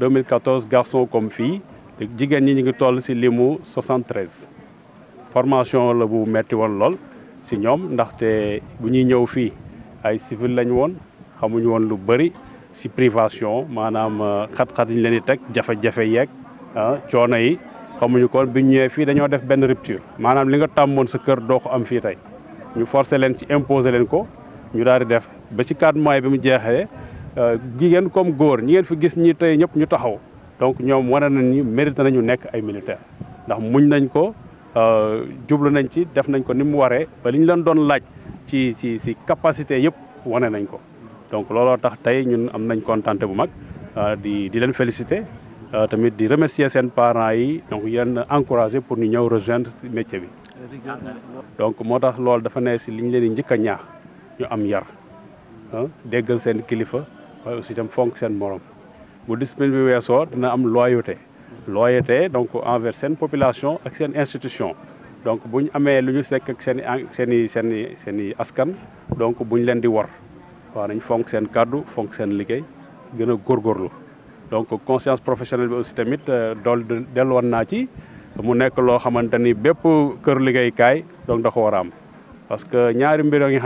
2014 garçon comme fille jigéen ñi ñu ngi toll ci limu 73 formation la bu metti woon lool ci ñoom ndaxte bu ñuy ñëw fii ay civil lañ woon xamuñu woon lu bëri ci privation maanaam euh, xat-xat yi ñu leen di teg jafe-jafe yeeg ah coono yi xamuñu ko bi ñu ñëwee fii dañoo def benn rupture. maanaam li nga tàmmoon sa kër doo ko am fii tey ñu forcer leen ci imposer leen ko ñu daal di def ba ci 4 mois jeexee. Euh, jigéen comme góor ñi ngeen fi gis ñi tey ñëpp ñu taxaw donc ñoom wane nañ ni mérité nañu nekk ay militaire ndax muñ nañ ko euh, jublu nañ ci def nañ ko ni mu waree ba li leen doon laaj ci ci ci capacité yëpp wane nañ ko donc looloo tax tey ñun am nañ kontaante bu mag euh, di di leen félicité tamit di remercier seen parents yi donc yenn encourager pour ñu ñëw rejoindre métier bi donc moo tax loolu dafa ne si liñ leen di njëkk a ñaax ñu am yar déggal seen kilifa waaye aussi itam fonk seen morom bu discipline bi weesoo na am loyauté loyauté donc envers seen population ak seen institution donc bu ñu amee lu ñu sekk ak seen i seen i seen i seen askan donc bu leen di war waaw nañ fonk seen kàddu fonk seen liggéey gën a góorgóorlu donc conscience professionnelle bi aussi tamit euh, dool delluwoon naa ci mu nekk loo xamante ni bépp kër liggéeykaay donc da ko war a am parce que ñaari mbir